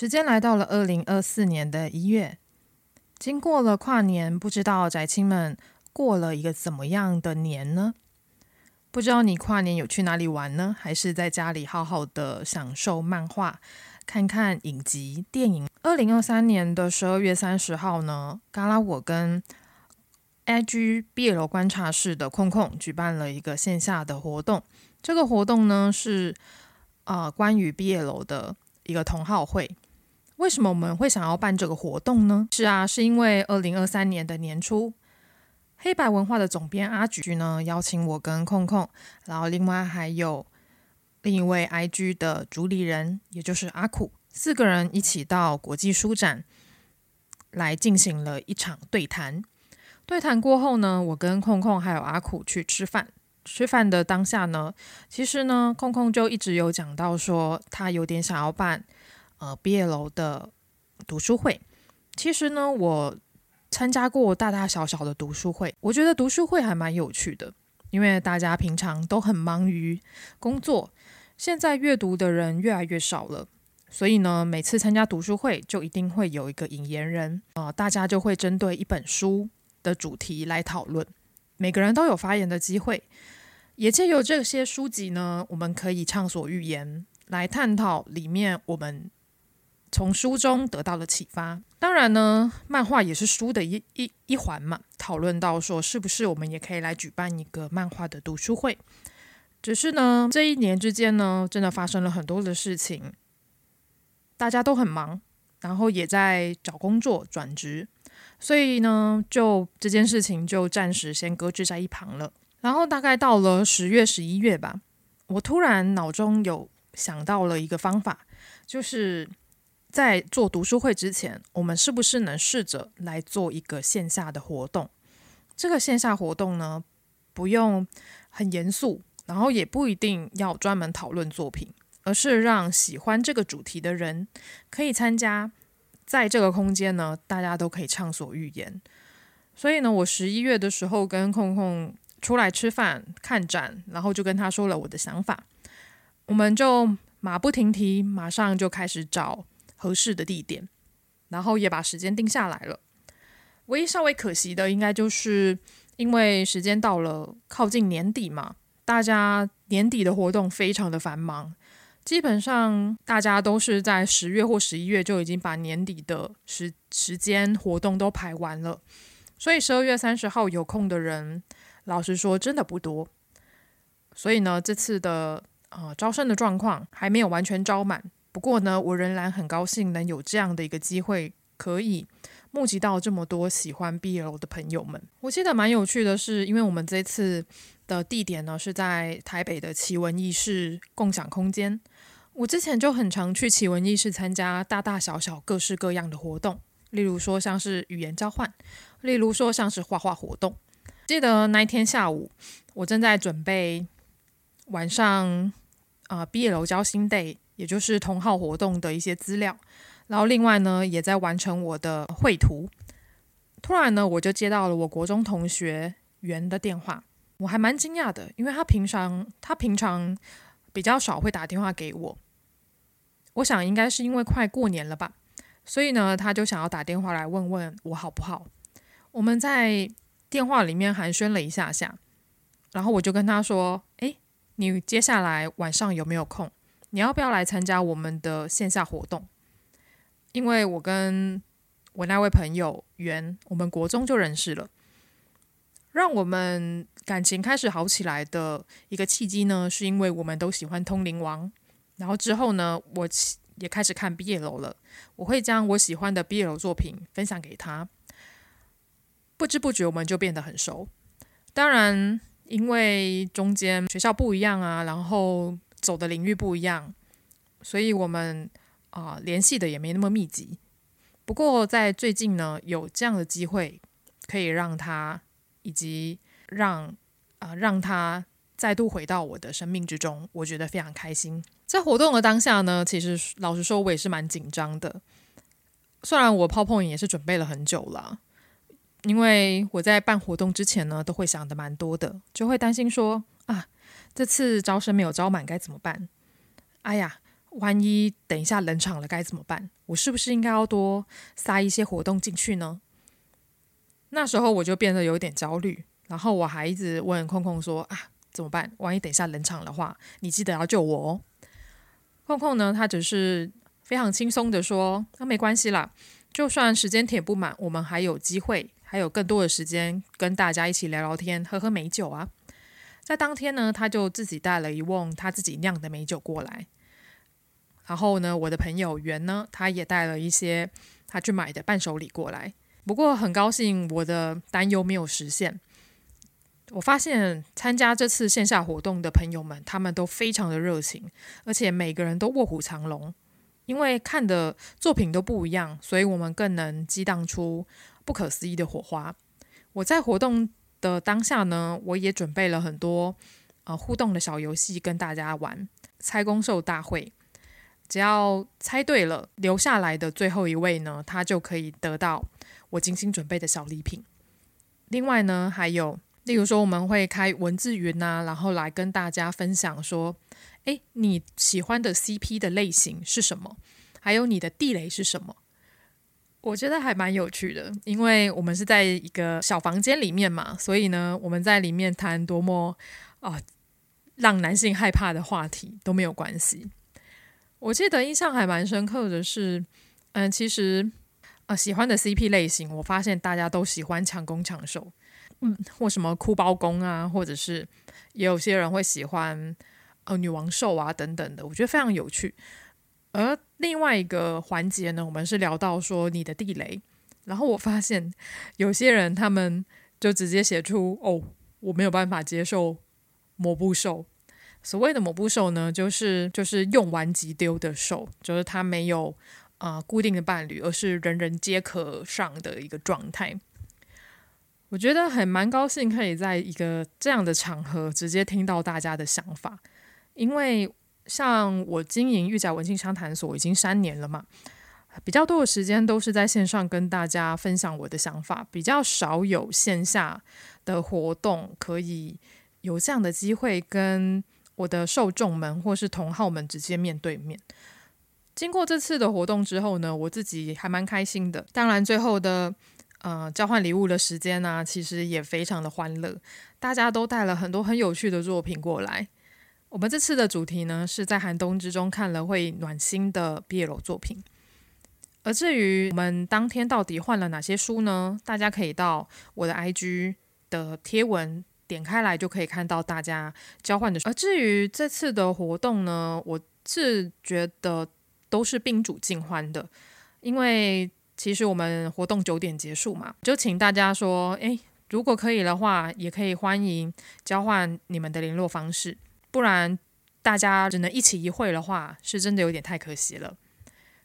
時間來到了二零二四年的一月，經過了跨年，不知道宅青們過了一個怎麼樣的年呢？不知道你跨年有去哪裡玩呢？還是在家裡好好的享受漫畫、看看影集、電影？二零二三年的十二月三十號呢，嘎拉我跟 IG BL 觀察室的空空舉辦了一個線下的活動，這個活動呢是啊、呃、關於 BL 的一個同好會。為什麼我們會想要辦這個活動呢？是啊，是因為二零二三年的年初，黑白文化的總編阿菊呢邀請我跟空空，然後另外還有另一位 IG 的主理人，也就是阿苦，四個人一起到國際書展來進行了一場對談。對談過後呢，我跟空空還有阿苦去吃飯。吃飯的當下呢，其實呢，空空就一直有講到說，他有點想要辦。呃，BL 的讀書會，其實呢，我參加過大大小小的讀書會，我覺得讀書會還蠻有趣的，因為大家平常都很忙於工作，現在閱讀的人越來越少了，所以呢，每次參加讀書會就一定會有一個引言人，呃，大家就會針對一本書的主題來討論，每個人都有發言的機會，也借由這些書籍呢，我們可以暢所欲言來探討裡面我們。從書中得到了啟發，當然呢，漫畫也是書的一一一環嘛。討論到說，是不是我們也可以來舉辦一個漫畫的讀書會？只是呢，這一年之間呢，真的發生了很多的事情，大家都很忙，然後也在找工作、轉職，所以呢，就這件事情就暫時先擱置在一旁了。然後大概到了十月、十一月吧，我突然腦中有想到了一個方法，就是。在做讀書會之前，我們是不是能試着來做一個線下的活動？這個線下活動呢，不用很嚴肅，然後也不一定要專門討論作品，而是讓喜歡這個主題的人可以參加。在這個空間呢，大家都可以暢所欲言。所以呢，我十一月的時候跟空空出來吃飯、看展，然後就跟他說了我的想法，我們就馬不停蹄，馬上就開始找。合適的地點，然後也把時間定下來了。唯一稍微可惜的，應該就是因為時間到了，靠近年底嘛，大家年底的活動非常的繁忙，基本上大家都是在十月或十一月就已經把年底的時時間活動都排完了，所以十二月三十號有空的人，老實說真的不多。所以呢，這次的呃招生的狀況還沒有完全招滿。不過呢，我仍然很高興能有這樣的一個機會，可以募集到這麼多喜歡 BL 的朋友們。我記得蠻有趣的是，因為我們這次的地點呢是在台北的奇聞異事共享空間。我之前就很常去奇聞異事參加大大小小各式各樣的活動，例如說像是語言交換，例如說像是畫畫活動。記得那一天下午，我正在準備晚上啊 BL 交心 day。也就是同好活動的一些資料，然後另外呢，也在完成我的繪圖。突然呢，我就接到了我國中同學袁的電話，我還蠻驚訝的，因為他平常他平常比較少會打電話給我。我想應該是因為快過年了吧，所以呢，他就想要打電話來問問我好不好。我們在電話裡面寒暄了一下下，然後我就跟他說：“哎，你接下來晚上有沒有空？”你要不要來參加我們的線下活動？因為我跟我那位朋友袁，我們國中就認識了，讓我們感情開始好起來的一個契機呢，是因為我們都喜歡《通靈王》，然後之後呢，我也開始看 BL 了，我會將我喜歡的 BL 作品分享給他，不知不覺我們就變得很熟。當然，因為中間學校不一樣啊，然後，走的領域不一樣，所以我們啊、呃、聯繫的也沒那麼密集。不過在最近呢，有這樣的機會，可以讓他以及讓啊、呃、讓他再度回到我的生命之中，我覺得非常開心。在活動的當下呢，其實老實說，我也是蠻緊張的。雖然我 PowerPoint 也是準備了很久了，因為我在辦活動之前呢，都會想的蠻多的，就會擔心說。這次招生沒有招滿該怎麼辦？哎呀，萬一等一下冷場了該怎麼辦？我是不是應該要多塞一些活動進去呢？那時候我就變得有點焦慮，然後我還一直問空空說：“啊，怎麼辦？萬一等一下冷場的話，你記得要救我哦。”空空呢，他只是非常輕鬆的說：“那、啊、沒關係啦，就算時間填不滿，我們還有機會，還有更多的時間跟大家一起聊聊天，喝喝美酒啊。”在當天呢，他就自己帶了一甕他自己釀的美酒過來。然後呢，我的朋友袁呢，他也帶了一些他去買的伴手禮過來。不過很高興，我的擔憂沒有實現。我發現參加這次線下活動的朋友們，他們都非常的熱情，而且每個人都臥虎藏龍。因為看的作品都不一樣，所以我們更能激盪出不可思議的火花。我在活動的當下呢，我也準備了很多呃互動的小遊戲跟大家玩，猜攻受大會，只要猜對了，留下來的最後一位呢，他就可以得到我精心準備的小禮品。另外呢，還有例如說我們會開文字雲啊，然後來跟大家分享說，哎，你喜歡的 CP 的類型是什麼？還有你的地雷是什麼？我覺得還蠻有趣的，因為我們是在一個小房間裡面嘛，所以呢，我們在裡面談多麼啊、呃、讓男性害怕的話題都沒有關係。我記得印象還蠻深刻的是，嗯、呃，其實啊、呃、喜歡的 CP 類型，我發現大家都喜歡強攻強受，嗯，或什麼哭包攻啊，或者是也有些人會喜歡呃女王受啊等等的，我覺得非常有趣。而另外一個環節呢，我們是聊到說你的地雷，然後我發現有些人他們就直接寫出哦，我沒有辦法接受抹布受。所謂的抹布受呢，就是就是用完即丟的受，就是他沒有啊、呃、固定的伴侶，而是人人皆可上的一個狀態。我覺得還蠻高興可以在一個這樣的場合直接聽到大家的想法，因為。像我經營玉甲文青商談所已經三年了嘛，比較多的時間都是在線上跟大家分享我的想法，比較少有線下的活動，可以有這樣的機會跟我的受眾們或是同好們直接面對面。經過這次的活動之後呢，我自己還蠻開心的。當然最後的呃交換禮物的時間呢，啊，其實也非常的歡樂，大家都帶了很多很有趣的作品過來。我們這次的主題呢，是在寒冬之中看了會暖心的 BL 作品。而至於我們當天到底換了哪些書呢？大家可以到我的 IG 的貼文點開來，就可以看到大家交換的書。而至於這次的活動呢，我是覺得都是賓主盡歡的，因為其實我們活動九點結束嘛，就請大家說，誒，如果可以的話，也可以歡迎交換你們的聯絡方式。不然，大家只能一起一會的話，是真的有點太可惜了。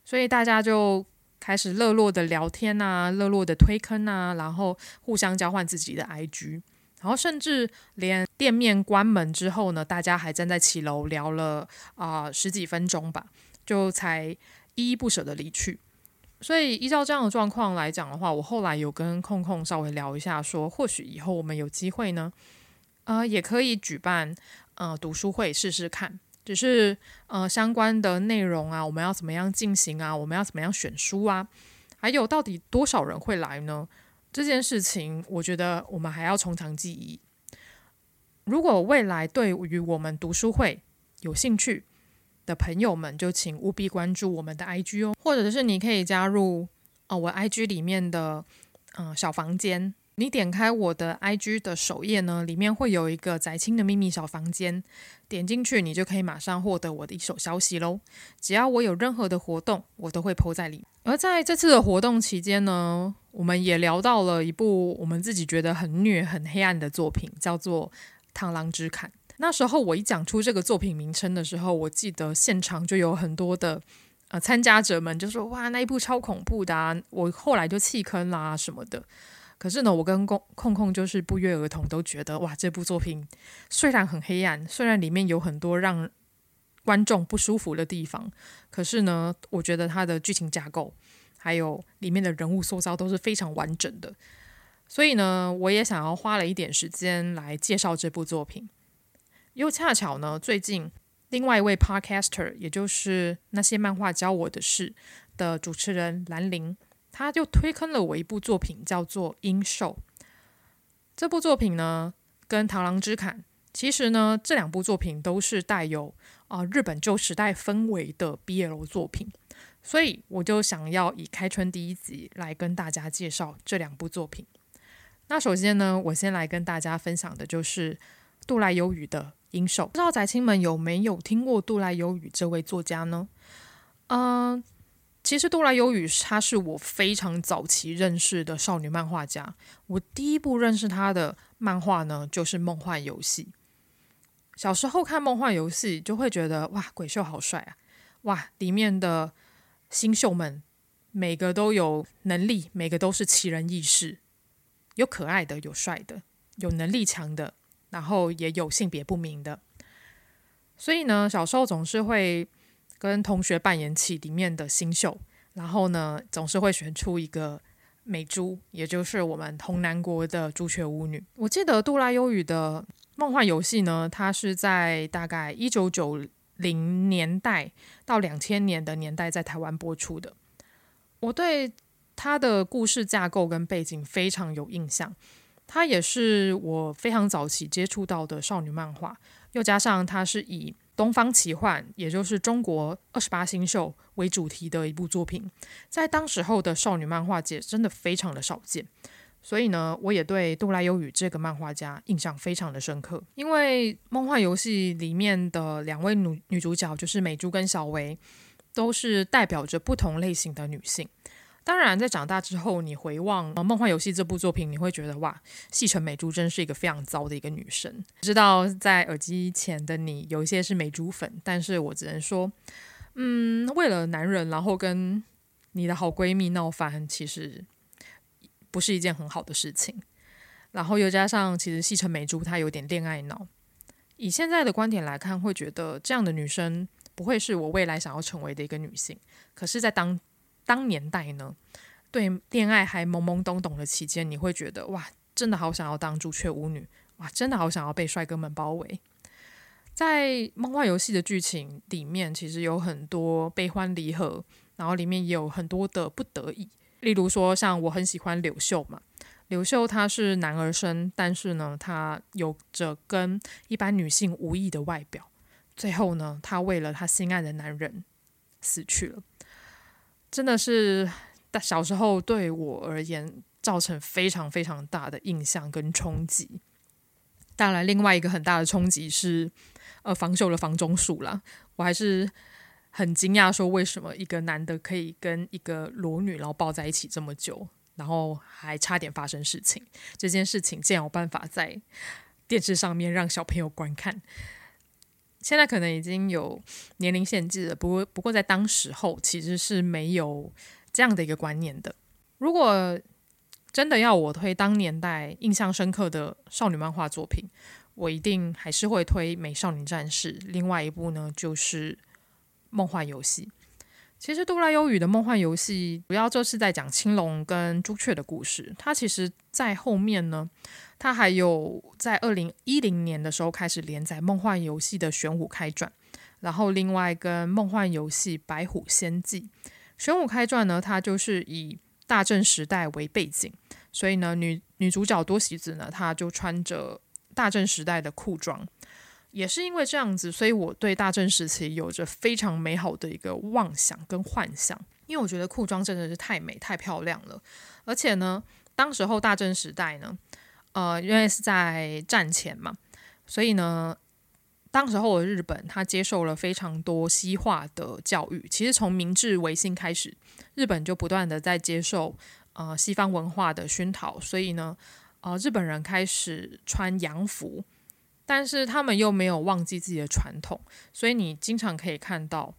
所以大家就開始熱絡的聊天啊，熱絡的推坑啊，然後互相交換自己的 IG，然後甚至連店面關門之後呢，大家還站在七樓聊了啊、呃、十幾分鐘吧，就才依依不舍的離去。所以依照這樣的狀況來講的話，我後來有跟空空稍微聊一下說，說或許以後我們有機會呢，啊、呃，也可以舉辦。呃，讀書會試試看，只、就是呃，相關的內容啊，我們要怎麼樣進行啊？我們要怎麼樣選書啊？還有到底多少人會來呢？這件事情，我覺得我們還要從長計議。如果未來對於我們讀書會有興趣的朋友們，就請務必關注我們的 IG 哦，或者是你可以加入哦、呃，我 IG 裡面的嗯、呃、小房間。你點開我的 IG 的首頁呢，裡面會有一個宅青的秘密小房間，點進去你就可以馬上獲得我的一手消息嘍。只要我有任何的活動，我都會 po 在裡面。而在這次的活動期間呢，我們也聊到了一部我們自己覺得很虐、很黑暗的作品，叫做《螳螂之檻》。那時候我一講出這個作品名稱的時候，我記得現場就有很多的呃參加者們就說：“哇，那一部超恐怖的啊！”我後來就棄坑啦啊什麼的。可是呢，我跟公控控就是不約而同都覺得，哇，這部作品雖然很黑暗，雖然裡面有很多讓觀眾不舒服的地方，可是呢，我覺得它的劇情架構還有裡面的人物塑造都是非常完整的。所以呢，我也想要花了一點時間來介紹這部作品。又恰巧呢，最近另外一位 Podcaster，也就是那些漫畫教我的事的主持人蘭陵。他就推坑了我一部作品，叫做《櫻狩》。這部作品呢，跟《螳螂之檻》其實呢，這兩部作品都是帶有啊、呃、日本舊時代氛圍的 BL 作品，所以我就想要以開春第一集來跟大家介紹這兩部作品。那首先呢，我先來跟大家分享的就是渡瀨悠宇的《櫻狩》，不知道宅青們有沒有聽過渡瀨悠宇這位作家呢？嗯、呃。其實渡瀨悠宇，她是我非常早期認識的少女漫畫家。我第一部認識她的漫畫呢，就是《夢幻遊戲》。小時候看《夢幻遊戲》，就會覺得哇，鬼宿好帥啊！哇，裡面的星宿們每個都有能力，每個都是奇人異士，有可愛的，有帥的，有能力強的，然後也有性別不明的。所以呢，小時候總是會跟同學扮演起裡面的星宿，然後呢，總是會選出一個美朱，也就是我們紅南國的朱雀巫女。我記得《渡瀨悠宇的夢幻遊戲》呢，它是在大概一九九零年代到兩千年的年代在台灣播出的。我對它的故事架構跟背景非常有印象，它也是我非常早期接觸到的少女漫畫，又加上它是以東方奇幻，也就是中國二十八星宿為主題的一部作品，在當時候的少女漫畫界真的非常的少見，所以呢，我也對渡瀨悠宇這個漫畫家印象非常的深刻，因為《夢幻遊戲》裡面的兩位女女主角就是美珠跟小唯，都是代表着不同類型的女性。當然，在長大之後，你回望呃《夢幻遊戲》這部作品，你會覺得哇，夕城美朱真是一個非常糟的一個女生。知道在耳機前的你，有一些是美朱粉，但是我只能說，嗯，為了男人，然後跟你的好閨蜜鬧翻，其實不是一件很好的事情。然後又加上，其實夕城美朱她有點戀愛腦。以現在的觀點來看，會覺得這樣的女生不會是我未來想要成為的一個女性。可是，在當當年代呢，對戀愛還懵懵懂懂的期間，你會覺得，哇，真的好想要當朱雀巫女，哇，真的好想要被帥哥們包圍。在夢幻遊戲的劇情裡面，其實有很多悲歡離合，然後裡面也有很多的不得已。例如說，像我很喜歡柳秀嘛，柳秀他是男兒身，但是呢，他有着跟一般女性無異的外表。最後呢，他為了他心愛的男人死去了。真的是，但小時候對我而言造成非常非常大的印象跟衝擊。當然，另外一個很大的衝擊是，呃，房宿的房中術啦。我還是很驚訝，說為什麼一個男的可以跟一個裸女然後抱在一起這麼久，然後還差點發生事情。這件事情竟然有辦法在電視上面讓小朋友觀看。現在可能已經有年齡限制了，不過不過在當時候其實是沒有這樣的一個觀念的。如果真的要我推當年代印象深刻的少女漫畫作品，我一定還是會推《美少女戰士》，另外一部呢就是《夢幻遊戲》。其實，渡瀨悠宇的《夢幻遊戲》主要就是在講青龍跟朱雀的故事。它其實在後面呢，它還有在二零一零年的時候開始連載《夢幻遊戲》的《玄武開傳》，然後另外跟《夢幻遊戲》《白虎仙記》。《玄武開傳》呢，它就是以大正時代為背景，所以呢，女女主角多喜子呢，她就穿着大正時代的褲裝。也是因為這樣子，所以我對大正時期有着非常美好的一個妄想跟幻想，因為我覺得褲裝真的是太美太漂亮了。而且呢，當時候大正時代呢，呃，因為是在戰前嘛，所以呢，當時候的日本它接受了非常多西化的教育。其實從明治維新開始，日本就不斷地在接受呃西方文化的熏陶，所以呢，呃，日本人開始穿洋服。但是他們又沒有忘記自己的傳統，所以你經常可以看到，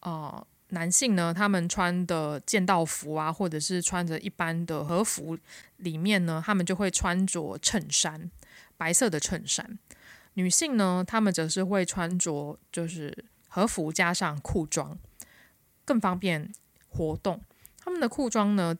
呃，男性呢，他們穿的劍道服啊，或者是穿着一般的和服，裡面呢，他們就會穿着襯衫，白色的襯衫。女性呢，他們則是會穿着就是和服加上褲裝，更方便活動。他們的褲裝呢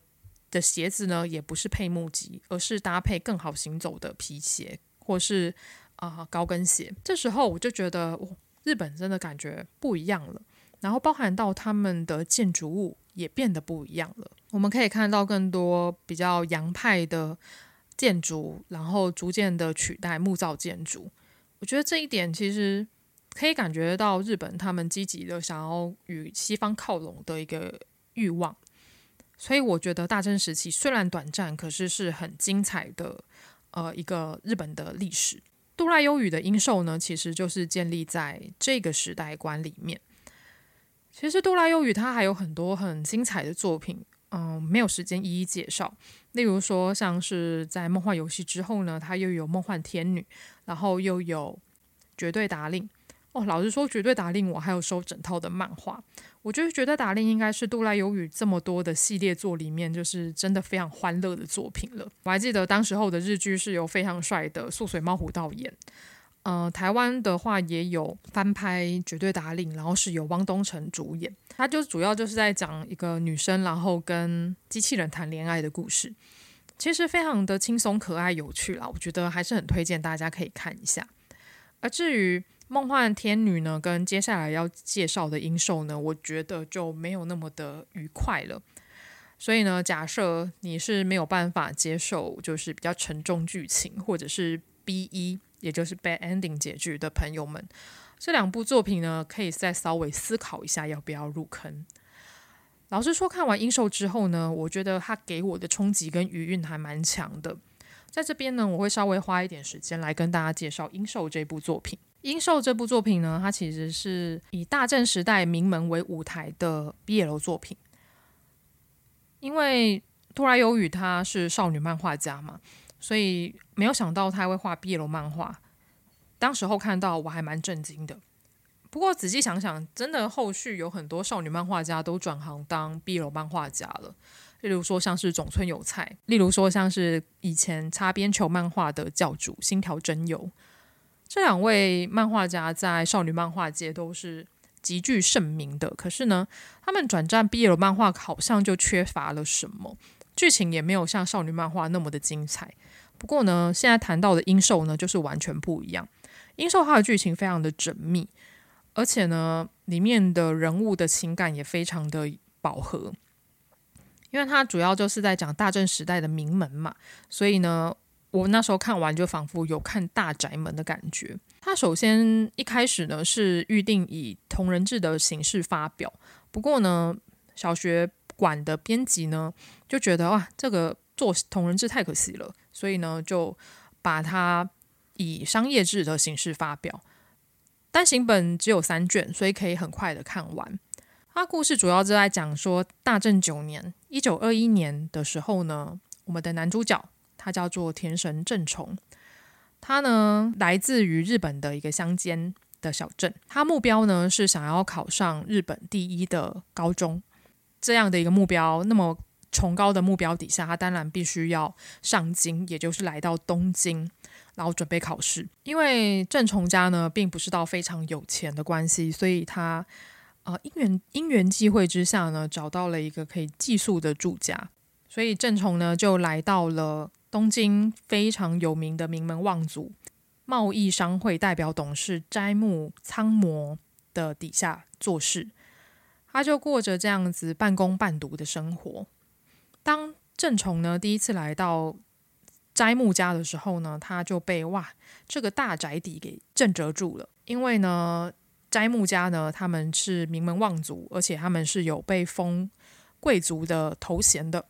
的鞋子呢，也不是配木屐，而是搭配更好行走的皮鞋，或是。啊，高跟鞋。這時候我就覺得，哦，日本真的感覺不一樣了。然後包含到他們的建築物也變得不一樣了。我們可以看到更多比較洋派的建築，然後逐漸的取代木造建築。我覺得這一點其實可以感覺到日本他們積極的想要與西方靠攏的一個慾望。所以我覺得大正時期雖然短暫，可是是很精彩的呃一個日本的歷史。渡瀨悠宇的音受呢，其實就是建立在這個時代觀裡面。其實渡瀨悠宇它還有很多很精彩的作品，嗯，沒有時間一一介紹。例如說，像是在《夢幻遊戲》之後呢，它又有《夢幻天女》，然後又有《絕對達令》。哦，老實說，《絕對達令》我還有收整套的漫畫。我就是覺得《達令》應該是《渡瀨悠宇》這麼多的系列作裡面，就是真的非常歡樂的作品了。我還記得當時候的日劇是由非常帥的速水茂虎道導演，嗯、呃，台灣的話也有翻拍《絕對達令》，然後是由汪東城主演，他就主要就是在講一個女生然後跟機器人談戀愛的故事，其實非常的輕鬆、可愛、有趣啦。我覺得還是很推薦大家可以看一下。而至於夢幻天女呢，跟接下來要介紹的《櫻狩》呢，我覺得就沒有那麼的愉快了。所以呢，假設你是沒有辦法接受，就是比較沉重劇情或者是 B.E. 也就是 Bad Ending 結局的朋友們，這兩部作品呢，可以再稍微思考一下要不要入坑。老實說，看完《櫻狩》之後呢，我覺得它給我的衝擊跟餘韻還蠻強的。在這邊呢，我會稍微花一點時間來跟大家介紹《櫻狩》這部作品。櫻狩這部作品呢，它其實是以大正時代名門為舞台的 BL 作品。因為渡瀨悠宇他是少女漫畫家嘛，所以沒有想到他還會畫 BL 漫畫。當時候看到我還蠻震驚的。不過仔細想想，真的後續有很多少女漫畫家都轉行當 BL 漫畫家了，例如說像是種村有菜，例如說像是以前擦邊球漫畫的教主新條真由。這兩位漫畫家在少女漫畫界都是極具盛名的，可是呢，他們轉戰 BL 漫畫好像就缺乏了什麼，劇情也沒有像少女漫畫那麼的精彩。不過呢，現在談到的《櫻狩》呢，就是完全不一樣，《櫻狩》它的劇情非常的縝密，而且呢，裡面的人物的情感也非常的飽和，因為它主要就是在講大正時代的名門嘛，所以呢。我那時候看完，就仿佛有看《大宅門》的感覺。它首先一開始呢是預定以同人志的形式發表，不過呢，小學館的編輯呢就覺得哇，這個做同人志太可惜了，所以呢就把它以商業志的形式發表。單行本只有三卷，所以可以很快的看完。它故事主要是在講說大正九年（一九二一年）的時候呢，我們的男主角。他叫做田神正崇，他呢來自於日本的一個鄉間的小鎮，他目標呢是想要考上日本第一的高中，這樣的一個目標，那麽崇高的目標底下，他當然必須要上京，也就是來到東京，然後準備考試。因為正崇家呢並不是到非常有錢的關係，所以他啊、呃、因緣因緣際會之下呢，找到了一個可以寄宿的住家，所以正崇呢就來到了。東京非常有名的名門望族貿易商會代表董事齋木蒼摩的底下做事，他就過着這樣子半工半讀的生活。當正崇呢第一次來到齋木家的時候呢，他就被哇這個大宅邸給震懾住了，因為呢齋木家呢他們是名門望族，而且他們是有被封貴族的頭銜的。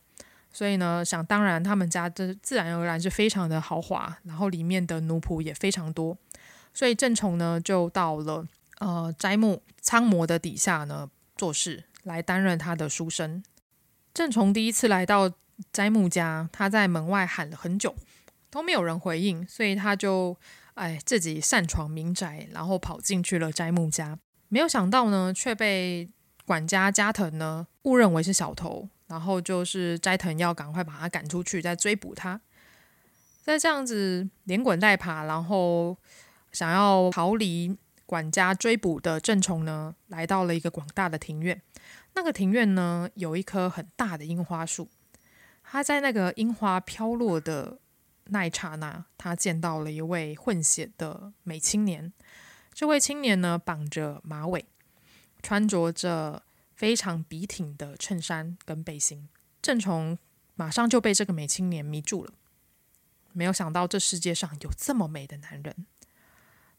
所以呢，想當然，他們家這自然而然，是非常的豪華，然後裡面的奴僕也非常多。所以正崇呢，就到了呃齋木蒼魔的底下呢做事，來擔任他的書生。正崇第一次來到齋木家，他在門外喊了很久，都沒有人回應，所以他就哎自己擅闖民宅，然後跑進去了齋木家。沒有想到呢，卻被管家加藤呢誤認為是小偷。然後就是齋藤要趕快把他趕出去，再追捕他。在這樣子連滾帶爬，然後想要逃離管家追捕的正崇呢，來到了一個廣大的庭院。那個庭院呢，有一棵很大的櫻花樹。他在那個櫻花飄落的那一剎那，他見到了一位混血的美青年。這位青年呢，綁着馬尾，穿着着。非常筆挺的襯衫跟背心，正崇馬上就被這個美青年迷住了。沒有想到這世界上有這麼美的男人，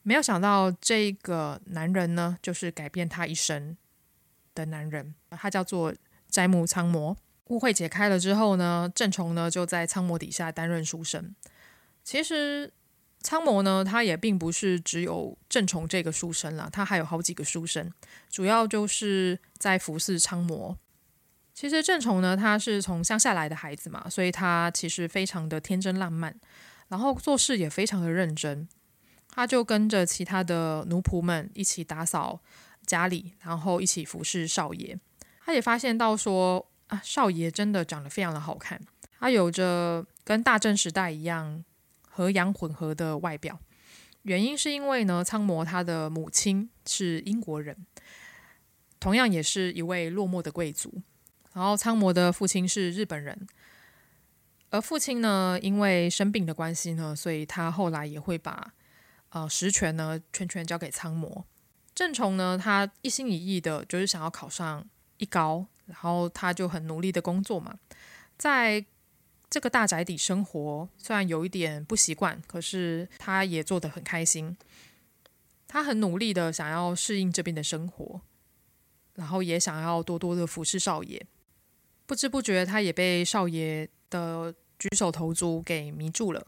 沒有想到這個男人呢，就是改變他一生的男人，他叫做齋木蒼魔。誤會解開了之後呢，正崇呢就在蒼魔底下擔任書生。其實。蒼磨呢，他也並不是只有正崇這個書生啦，他還有好幾個書生，主要就是在服侍蒼磨。其實正崇呢，他是從鄉下來的孩子嘛，所以他其實非常的天真浪漫，然後做事也非常的認真。他就跟着其他的奴僕們一起打掃家裡，然後一起服侍少爺。他也發現到說啊，少爺真的長得非常的好看，他有着跟大正時代一樣和洋混合的外表，原因是因為呢，蒼磨他的母親是英國人，同樣也是一位落寞的貴族。然後蒼磨的父親是日本人，而父親呢，因為生病的關係呢，所以他後來也會把呃實權呢全權交給蒼磨。正崇呢，他一心一意的就是想要考上一高，然後他就很努力的工作嘛，在這個大宅邸生活雖然有一點不習慣，可是他也做得很開心。他很努力地想要適應這邊的生活，然後也想要多多的服侍少爺。不知不覺，他也被少爺的舉手投足給迷住了。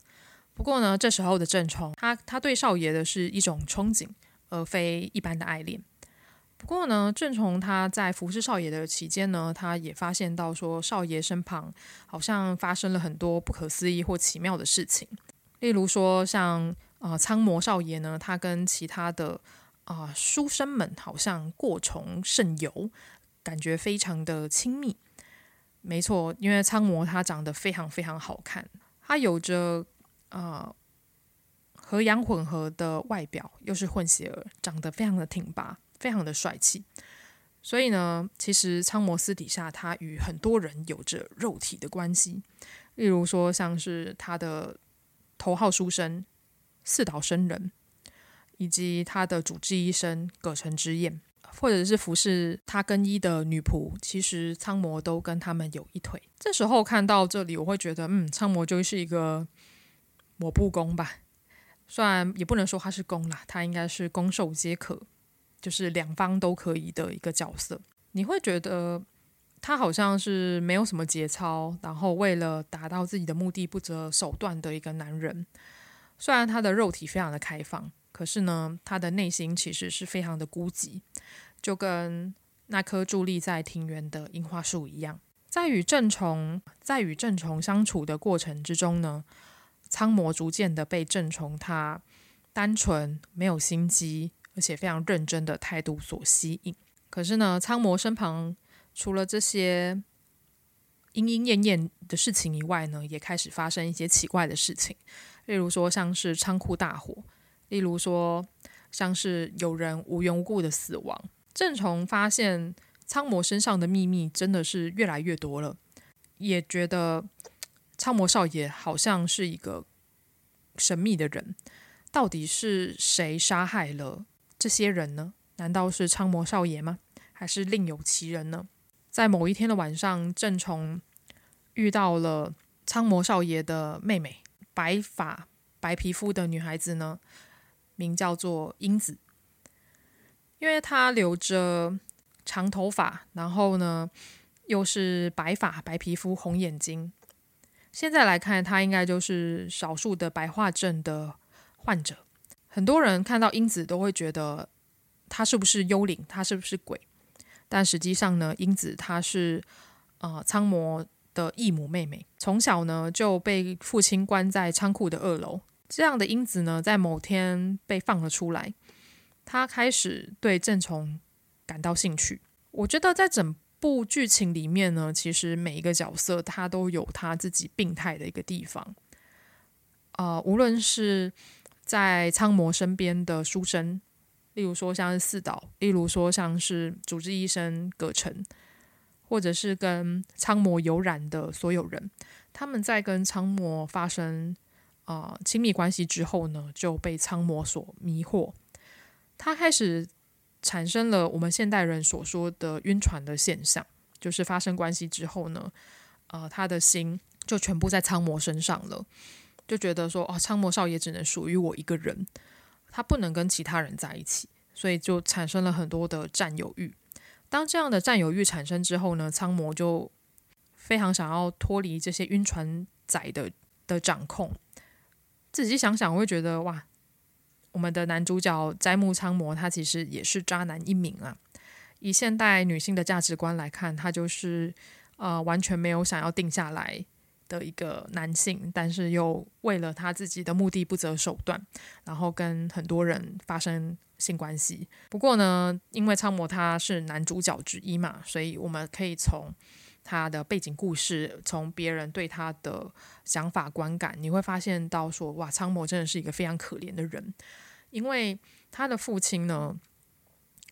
不過呢，這時候的鄭沖，他他對少爺的是一種憧憬，而非一般的愛戀。不過呢，正從他在服侍少爺的期間呢，他也發現到說少爺身旁好像發生了很多不可思議或奇妙的事情，例如說像啊蒼馬少爺呢，他跟其他的啊、呃、書生們好像過從甚由，感覺非常的親密。沒錯，因為蒼馬他長得非常非常好看，他有着啊和洋混合的外表，又是混血兒，長得非常的挺拔。非常的帥氣，所以呢，其實蒼魔私底下他與很多人有着肉體的關係，例如說像是他的頭號書生四島生人，以及他的主治醫生葛城之彥，或者是服侍他更衣的女僕，其實蒼魔都跟他們有一腿。這時候看到這裡，我會覺得，嗯，蒼魔就是一個抹布攻吧，雖然也不能說他是攻啦，他應該是攻受皆可。就是兩方都可以的一個角色，你會覺得他好像是沒有什麼節操，然後為了達到自己的目的不擇手段的一個男人。雖然他的肉體非常的開放，可是呢，他的內心其實是非常的孤寂，就跟那棵佇立在庭園的櫻花樹一樣。在與正重在與正重相處的過程之中呢，蒼磨逐漸的被正重他單純沒有心機。而且非常認真的態度所吸引。可是呢，蒼摩身旁除了這些鶯鶯燕燕的事情以外呢，也開始發生一些奇怪的事情，例如說像是倉庫大火，例如說像是有人無緣無故的死亡。正崇發現蒼摩身上的秘密真的是越來越多了，也覺得蒼摩少爺好像是一個神秘的人。到底是誰殺害了？這些人呢？難道是蒼魔少爺嗎？還是另有其人呢？在某一天的晚上，正崇，遇到了蒼魔少爺的妹妹，白髮白皮膚的女孩子呢，名叫做英子，因為她留着長頭髮，然後呢又是白髮白皮膚紅眼睛，現在來看，她應該就是少數的白化症的患者。很多人看到英子都會覺得，她是不是幽靈？她是不是鬼？但實際上呢，英子她是呃蒼磨的異母妹妹，從小呢就被父親關在倉庫的二樓。這樣的英子呢，在某天被放了出來，她開始對正從感到興趣。我覺得在整部劇情裡面呢，其實每一個角色他都有他自己病態的一個地方，啊、呃，無論是。在蒼魔身邊的書生，例如說像是四島，例如說像是主治醫生葛城，或者是跟蒼魔有染的所有人，他們在跟蒼魔發生啊、呃、親密關係之後呢，就被蒼魔所迷惑，他開始產生了我們現代人所說的暈船的現象，就是發生關係之後呢，呃，他的心就全部在蒼魔身上了。就覺得說，哦，蒼魔少爺只能屬於我一個人，他不能跟其他人在一起，所以就產生了很多的佔有欲。當這樣的佔有欲產生之後呢，蒼魔就非常想要脫離這些暈船仔的的掌控。仔細想想，我會覺得，哇，我們的男主角齋木蒼魔，他其實也是渣男一名啊。以現代女性的價值觀來看，他就是，呃，完全沒有想要定下來。的一個男性，但是又為了他自己的目的不擇手段，然後跟很多人發生性關係。不過呢，因為倉摩他是男主角之一嘛，所以我們可以從他的背景故事，從別人對他的想法觀感，你會發現到說，哇，倉摩真的是一個非常可憐的人，因為他的父親呢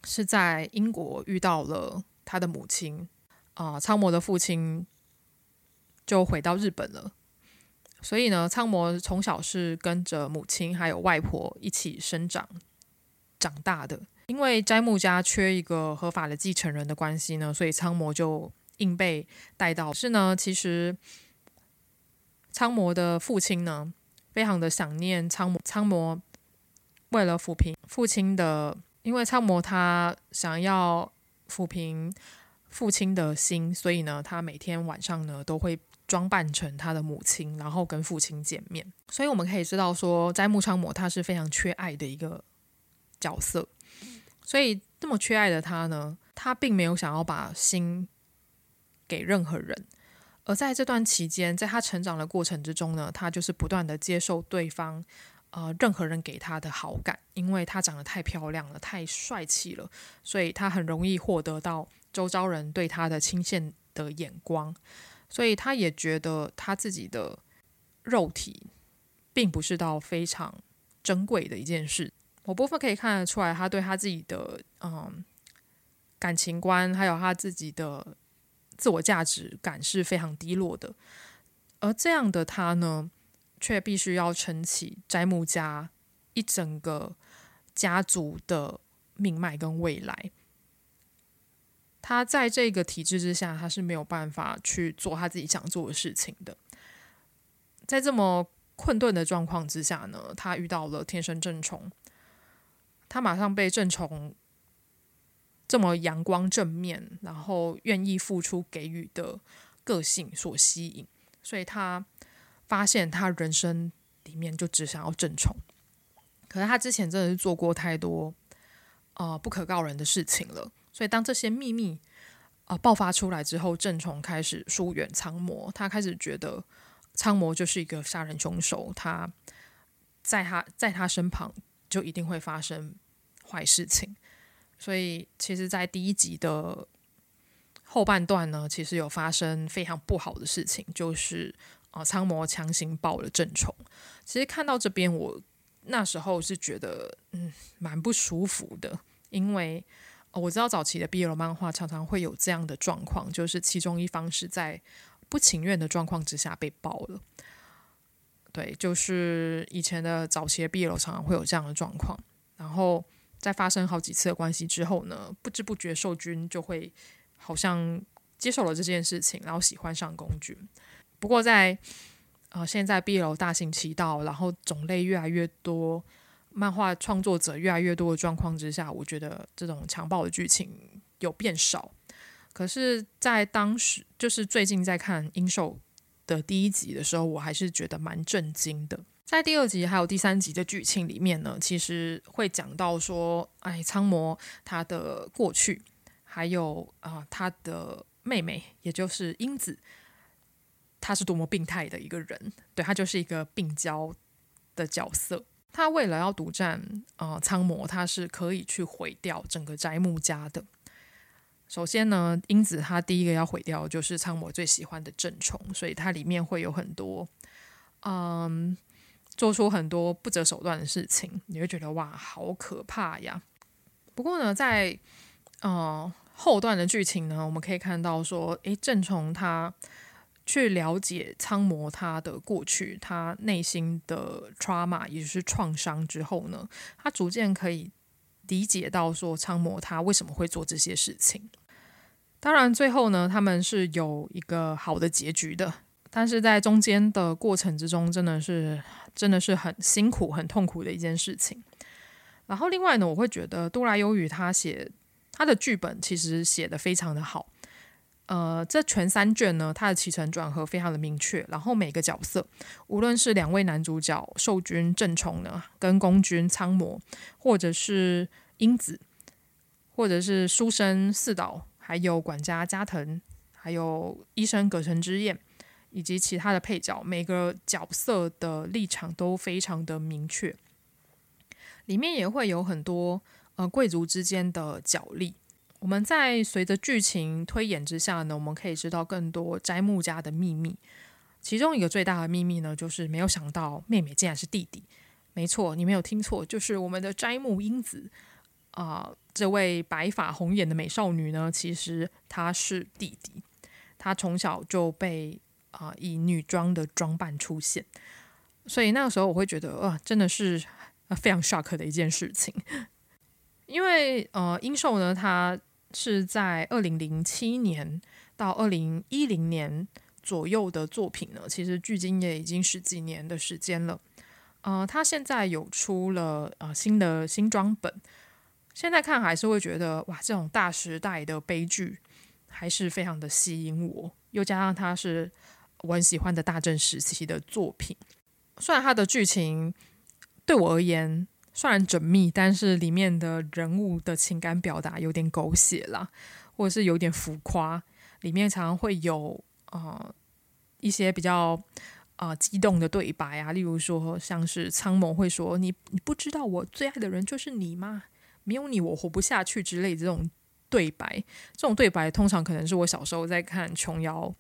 是在英國遇到了他的母親啊，倉摩的父親。就回到日本了，所以呢，蒼摩從小是跟着母親還有外婆一起生長長大的。因為齋木家缺一個合法的繼承人的關係呢，所以蒼摩就硬被帶到。是呢，其實蒼摩的父親呢，非常的想念蒼摩。蒼摩為了撫平父親的，因為蒼摩他想要撫平父親的心，所以呢，他每天晚上呢都會。裝扮成他的母親，然後跟父親見面。所以我們可以知道說，說齋木昌磨他是非常缺愛的一個角色。所以這麼缺愛的他呢，他並沒有想要把心給任何人。而在這段期間，在他成長的過程之中呢，他就是不斷的接受對方，呃，任何人給他的好感，因為他長得太漂亮了，太帥氣了，所以他很容易獲得到周遭人對他的傾羨的眼光。所以他也覺得他自己的肉體並不是到非常珍貴的一件事。某部分可以看得出來，他對他自己的嗯感情觀，還有他自己的自我價值感是非常低落的。而這樣的他呢，卻必須要撐起齋木家一整個家族的命脈跟未來。他在這個體制之下，他是沒有辦法去做他自己想做的事情的。在這麼困頓的狀況之下呢，他遇到了天生正寵，他馬上被正寵這麼陽光正面，然後願意付出給予的個性所吸引，所以他發現他人生裡面就只想要正寵。可是他之前真的是做過太多啊，呃，不可告人的事情了。所以，當這些秘密啊、呃、爆發出來之後，鄭重開始疏遠倉魔。他開始覺得倉魔就是一個殺人兇手。他在他在他身旁就一定會發生壞事情。所以，其實，在第一集的後半段呢，其實有發生非常不好的事情，就是啊，呃、倉魔強行抱了鄭重。其實看到這邊，我那時候是覺得嗯蠻不舒服的，因為。哦、我知道早期的 B 樓漫畫常常會有這樣的狀況，就是其中一方是在不情願的狀況之下被爆了。對，就是以前的早期的 B 樓常常會有這樣的狀況。然後在發生好幾次的關係之後呢，不知不覺受君就會好像接受了這件事情，然後喜歡上公軍。不過在呃現在 B 樓大型其道，然後種類越來越多。漫畫創作者越來越多的狀況之下，我覺得這種強暴的劇情有變少。可是，在當時，就是最近在看《櫻狩》的第一集的時候，我還是覺得蠻震驚的。在第二集還有第三集的劇情裡面呢，其實會講到說，哎，蒼磨他的過去，還有啊、呃、他的妹妹，也就是英子，他是多麼病態的一個人，對，他就是一個病嬌的角色。他為了要獨佔啊、呃、蒼磨，他是可以去毀掉整個齋木家的。首先呢，英子他第一個要毀掉就是蒼磨最喜歡的正寵，所以它裡面會有很多嗯，做出很多不擇手段的事情，你會覺得哇，好可怕呀。不過呢，在啊、呃、後段的劇情呢，我們可以看到說，哎，正寵他。去了解蒼魔他的過去，他內心的 trauma 也就是創傷之後呢，他逐漸可以理解到說蒼魔他為什麼會做這些事情。當然，最後呢，他們是有一個好的結局的，但是在中間的過程之中，真的是真的是很辛苦、很痛苦的一件事情。然後另外呢，我會覺得渡瀨悠宇他寫他的劇本其實寫的非常的好。呃，這全三卷呢，它的起承轉合非常的明確。然後每個角色，無論是兩位男主角受君正崇呢，跟攻君蒼磨，或者是英子，或者是書生四島，還有管家加藤，還有醫生葛城之彥，以及其他的配角，每個角色的立場都非常的明確。裡面也會有很多呃貴族之間的角力。我們在隨着劇情推演之下呢，我們可以知道更多齋木家的秘密。其中一個最大的秘密呢，就是沒有想到妹妹竟然是弟弟。沒錯，你沒有聽錯，就是我們的齋木英子啊、呃，這位白髮紅眼的美少女呢，其實她是弟弟。她從小就被啊、呃、以女裝的裝扮出現，所以那個時候我會覺得哇、呃，真的是非常 shock 的一件事情。因為呃，英壽呢，他。是在二零零七年到二零一零年左右的作品呢，其實距今也已經十幾年的時間了。呃，他現在有出了呃新的新裝本，現在看還是會覺得哇，這種大時代的悲劇還是非常的吸引我，又加上他是我很喜歡的大正時期的作品，雖然他的劇情對我而言。雖然縝密，但是裡面的人物的情感表達有點狗血啦，或者是有點浮誇。裡面常常會有啊、呃、一些比較啊、呃、激動的對白啊，例如說像是蒼某會說：“你你不知道我最愛的人就是你嗎？沒有你我活不下去”之類的這種對白。這種對白通常可能是我小時候在看瓊瑤。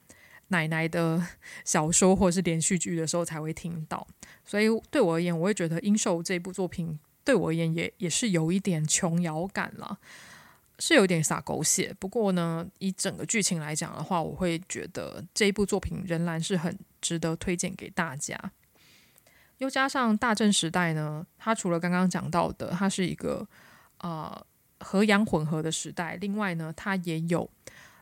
奶奶的小說或是連續劇的時候才會聽到，所以對我而言，我會覺得《櫻狩》這部作品對我而言也也是有一點瓊瑤感了，是有點灑狗血。不過呢，以整個劇情來講的話，我會覺得這一部作品仍然是很值得推薦給大家。又加上大正時代呢，它除了剛剛講到的，它是一個呃和洋混合的時代，另外呢，它也有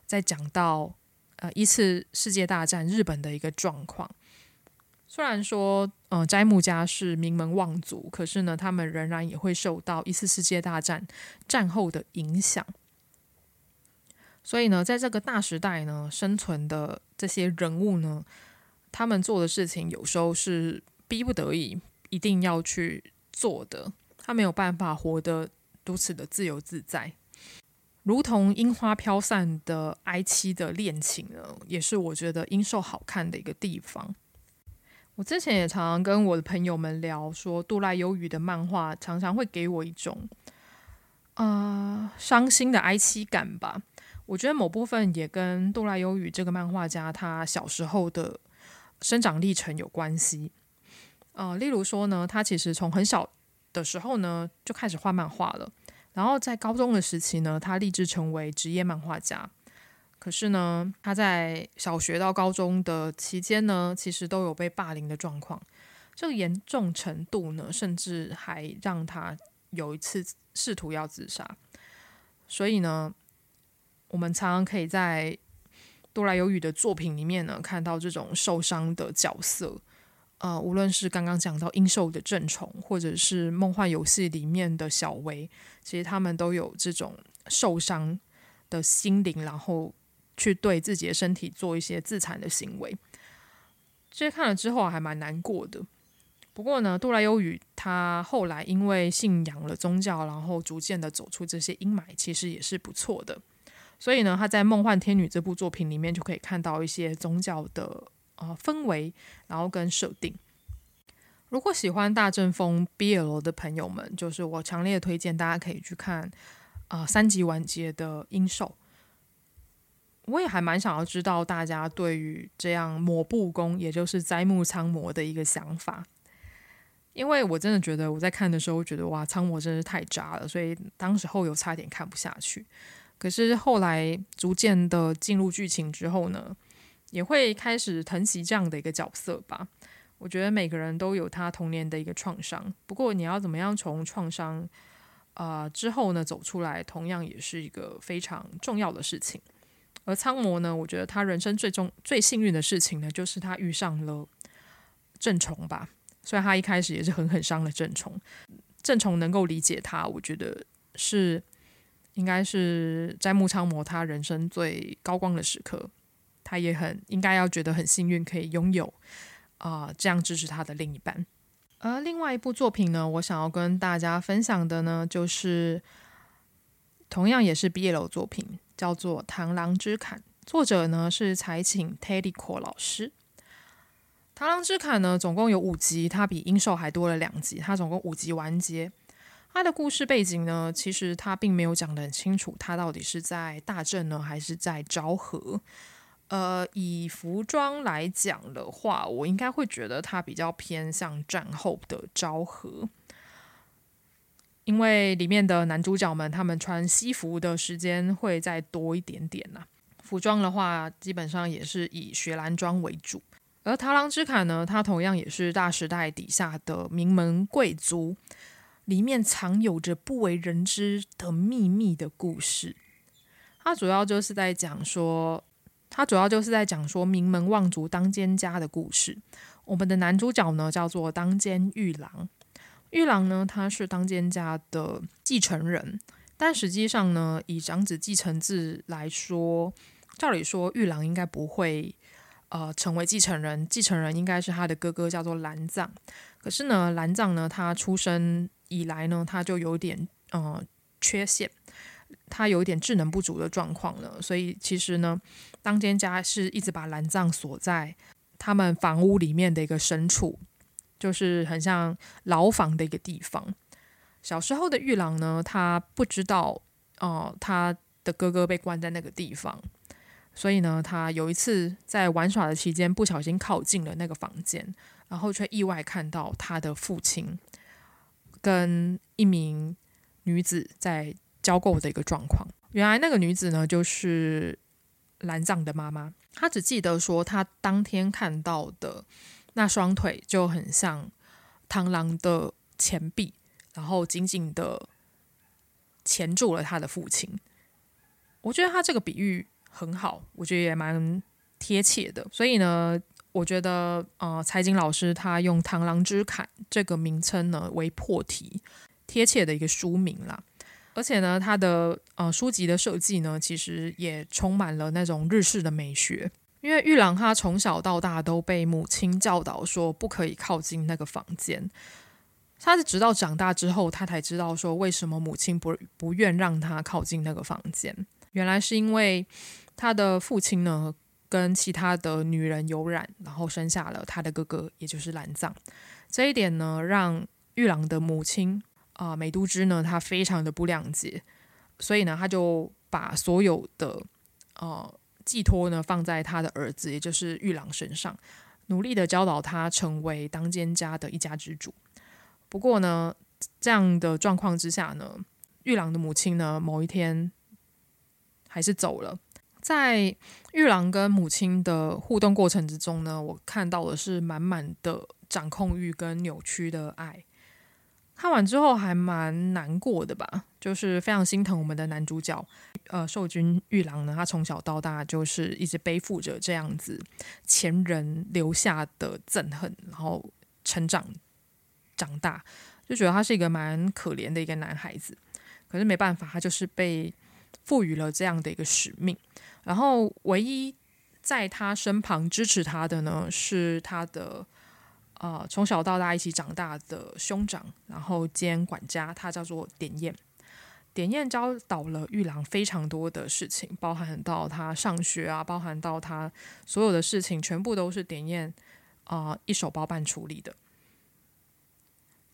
在講到。呃，一次世界大戰日本的一個狀況，雖然說，呃，齋木家是名門望族，可是呢，他們仍然也會受到一次世界大戰戰後的影響。所以呢，在這個大時代呢，生存的這些人物呢，他們做的事情有時候是逼不得已，一定要去做的，他沒有辦法活得如此的自由自在。如同櫻花飄散的哀戚的戀情呢，也是我覺得櫻狩好看的一個地方。我之前也常常跟我的朋友們聊說，渡瀨悠宇的漫畫常常會給我一種啊、呃、傷心的哀戚感吧。我覺得某部分也跟渡瀨悠宇這個漫畫家他小時候的生長歷程有關係。呃，例如說呢，他其實從很小的時候呢就開始畫漫畫了。然後在高中的時期呢，他立志成為職業漫畫家。可是呢，他在小學到高中的期間呢，其實都有被霸凌的狀況。這個嚴重程度呢，甚至還讓他有一次試圖要自殺。所以呢，我們常常可以在渡瀨悠宇的作品裡面呢，看到這種受傷的角色。呃，無論是剛剛講到《陰獸》的正寵，或者是《夢幻遊戲》裡面的小薇，其實他們都有這種受傷的心靈，然後去對自己的身體做一些自殘的行為。這些看了之後還蠻難過的。不過呢，渡瀨悠宇他後來因為信仰了宗教，然後逐漸的走出這些陰霾，其實也是不錯的。所以呢，他在《夢幻天女》這部作品裡面就可以看到一些宗教的。啊、呃，氛圍，然後跟設定。如果喜歡大正風 BL 的朋友們，就是我強烈推薦大家可以去看啊、呃，三集完結的《陰獸》。我也還蠻想要知道大家對於這樣抹布攻，也就是齋木蒼磨的一個想法，因為我真的覺得我在看的時候覺得哇，蒼磨真的是太渣了，所以當時候有差點看不下去。可是後來逐漸的進入劇情之後呢，也會開始疼惜這樣的一個角色吧。我覺得每個人都有他童年的一個創傷，不過你要怎麼樣從創傷啊、呃、之後呢走出來，同樣也是一個非常重要的事情。而蒼磨呢，我覺得他人生最重最幸運的事情呢，就是他遇上了正崇吧。雖然他一開始也是狠狠傷了正崇，正崇能夠理解他，我覺得是應該是齋木蒼磨他人生最高光的時刻。他也很應該要覺得很幸運，可以擁有啊、呃、這樣支持他的另一半。而、呃、另外一部作品呢，我想要跟大家分享的呢，就是同樣也是 BL 作品，叫做《螳螂之檻》，作者呢是彩景でりこ老師。《螳螂之檻》呢，總共有五集，它比《櫻狩》還多了兩集，它總共五集完結。它的故事背景呢，其實它並沒有講得很清楚，它到底是在大正呢，還是在昭和？呃，以服裝來講的話，我應該會覺得它比較偏向戰後的昭和，因為裡面的男主角們他們穿西服的時間會再多一點點吶、啊。服裝的話，基本上也是以學蘭裝為主。而《螳螂之檻》呢，它同樣也是大時代底下的名門貴族，裡面藏有着不為人知的秘密的故事。它主要就是在講說。他主要就是在講說名門望族當間家的故事。我們的男主角呢，叫做當間玉郎，玉郎呢，他是當間家的繼承人，但實際上呢，以長子繼承制來說，照理說玉郎應該不會呃成為繼承人，繼承人應該是他的哥哥叫做藍藏。可是呢藍藏呢，他出生以來呢，他就有點呃缺陷，他有一點智能不足的狀況了，所以其實呢。當間家是一直把藍藏鎖在他們房屋裡面的一個深處，就是很像牢房的一個地方。小時候的玉郎呢，他不知道哦，他、呃、的哥哥被關在那個地方，所以呢，他有一次在玩耍的期間不小心靠近了那個房間，然後卻意外看到他的父親跟一名女子在交媾的一個狀況。原來那個女子呢，就是。藍藏的媽媽，她只記得說，她當天看到的那雙腿就很像螳螂的前臂，然後緊緊的鉗住了她的父親。我覺得他這個比喻很好，我覺得也蠻貼切的。所以呢，我覺得呃，彩景老師他用《螳螂之檻》這個名稱呢，為破題貼切的一個書名啦。而且呢，他的呃書籍的設計呢，其實也充滿了那種日式的美學。因為玉郎他從小到大都被母親教導說不可以靠近那個房間，他是直到長大之後，他才知道說為什麼母親不不願讓他靠近那個房間。原來是因為他的父親呢跟其他的女人有染，然後生下了他的哥哥，也就是藍藏。這一點呢，讓玉郎的母親。啊、呃，美都知呢，他非常的不諒解，所以呢，他就把所有的呃寄托呢放在他的兒子，也就是玉郎身上，努力地教導他成為當間家的一家之主。不過呢，這樣的狀況之下呢，玉郎的母親呢，某一天還是走了。在玉郎跟母親的互動過程之中呢，我看到的是滿滿的掌控欲跟扭曲的愛。看完之後還蠻難過的吧，就是非常心疼我們的男主角，呃，壽君玉郎呢，他從小到大就是一直背負着這樣子前人留下的憎恨，然後成長長大，就覺得他是一個蠻可憐的一個男孩子，可是沒辦法，他就是被賦予了這樣的一個使命，然後唯一在他身旁支持他的呢，是他的。啊、呃，從小到大一起長大的兄長，然後兼管家，他叫做典彥。典彥教導了玉郎非常多的事情，包含到他上學啊，包含到他所有的事情，全部都是典彥啊一手包辦處理的。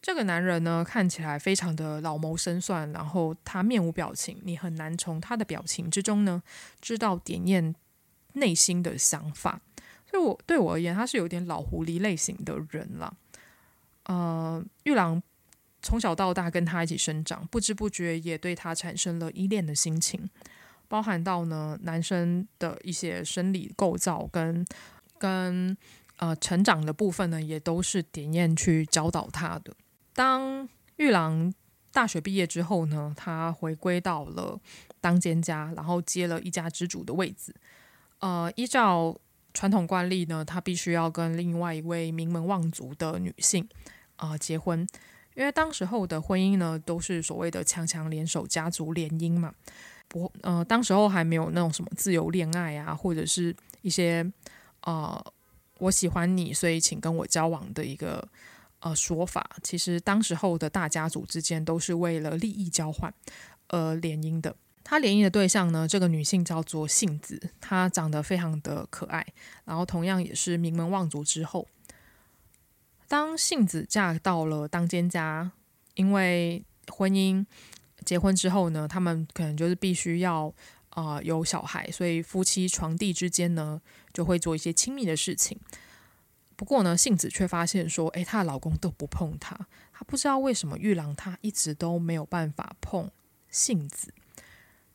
這個男人呢，看起來非常的老謀深算，然後他面無表情，你很難從他的表情之中呢，知道典彥內心的想法。就我對我而言，他是有點老狐狸類型的人啦。呃，玉郎從小到大跟他一起生長，不知不覺也對他產生了依戀的心情，包含到呢男生的一些生理構造跟跟呃成長的部分呢，也都是典彥去教導他的。當玉郎大學畢業之後呢，他回歸到了當間家，然後接了一家之主的位置。呃，依照。傳統慣例呢，他必須要跟另外一位名門望族的女性，啊、呃，結婚，因為當時候的婚姻呢，都是所謂的強強聯手、家族聯姻嘛。不，呃，當時候還沒有那種什麼自由戀愛啊，或者是一些，呃，我喜歡你，所以請跟我交往的一個，呃，說法。其實當時候的大家族之間都是為了利益交換而聯姻的。他聯姻的對象呢，這個女性叫做杏子，她長得非常的可愛，然後同樣也是名門望族之後。當杏子嫁到了當間家，因為婚姻結婚之後呢，他們可能就是必須要啊、呃、有小孩，所以夫妻床笫之間呢，就會做一些親密的事情。不過呢，杏子卻發現說：“誒，她的老公都不碰她，她不知道為什麼玉郎他一直都沒有辦法碰杏子。”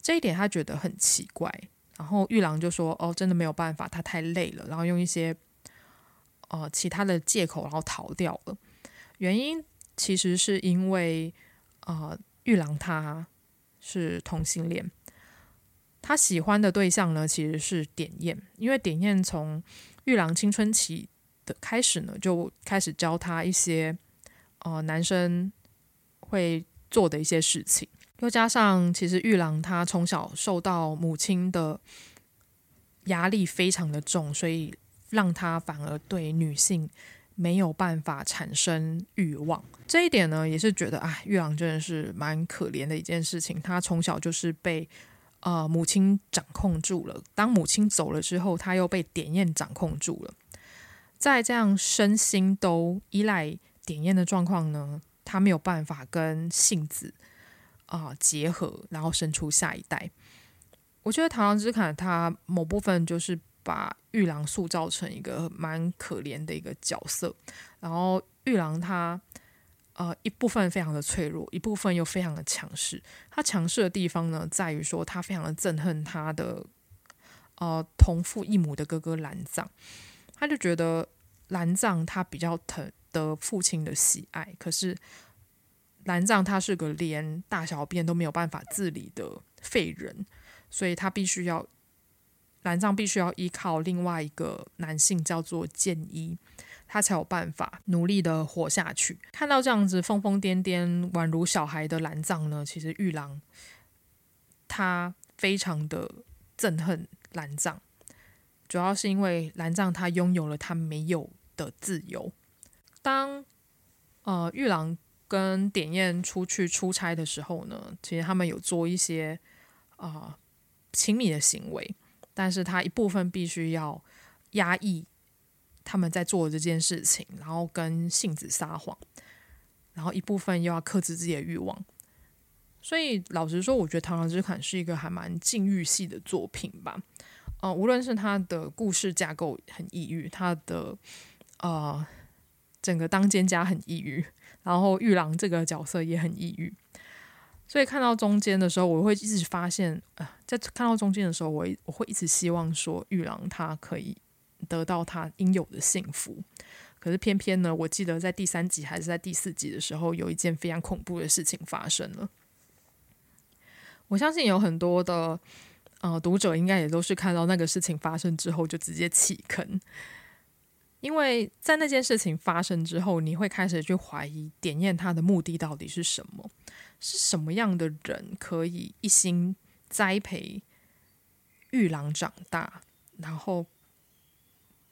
這一點他覺得很奇怪，然後玉郎就說：“哦，真的沒有辦法，他太累了。”然後用一些呃其他的借口，然後逃掉了。原因其實是因為呃玉郎他是同性戀，他喜歡的對象呢其實是典彥，因為典彥從玉郎青春期的開始呢就開始教他一些呃男生會做的一些事情。又加上，其實玉郎他從小受到母親的壓力非常的重，所以讓他反而對女性沒有辦法產生欲望。這一點呢，也是覺得啊、哎，玉郎真的是蠻可憐的一件事情。他從小就是被呃母親掌控住了，當母親走了之後，他又被典彥掌控住了。在這樣身心都依賴典彥的狀況呢，他沒有辦法跟杏子。啊，結合然後生出下一代。我覺得《螳螂之檻》它某部分就是把玉郎塑造成一個蠻可憐的一個角色，然後玉郎他呃一部分非常的脆弱，一部分又非常的強勢。他強勢的地方呢，在於說他非常的憎恨他的呃同父異母的哥哥藍藏，他就覺得藍藏他比較疼得父親的喜愛，可是。藍藏他是個連大小便都沒有辦法自理的廢人，所以他必須要，藍藏必須要依靠另外一個男性叫做劍一，他才有辦法努力的活下去。看到這樣子瘋瘋癲癲癲、宛如小孩的藍藏呢，其實玉郎他非常的憎恨藍藏，主要是因為藍藏他擁有了他沒有的自由。當呃玉郎。跟典彥出去出差的時候呢，其實他們有做一些啊、呃、親密的行為，但是他一部分必須要壓抑他們在做的這件事情，然後跟杏子撒謊，然後一部分又要克制自己的慾望。所以老實說，我覺得《螳螂之檻》是一個還蠻禁慾系的作品吧。呃，無論是他的故事架構很抑鬱，他的呃整個當間家很抑鬱。然後玉郎這個角色也很抑鬱，所以看到中間的時候，我會一直發現，呃，在看到中間的時候我，我我會一直希望說玉郎他可以得到他應有的幸福。可是偏偏呢，我記得在第三集還是在第四集的時候，有一件非常恐怖的事情發生了。我相信有很多的呃讀者，應該也都是看到那個事情發生之後，就直接棄坑。因為在那件事情發生之後，你會開始去懷疑典彥他的目的到底是什麼？是什麼樣的人可以一心栽培玉郎長大，然後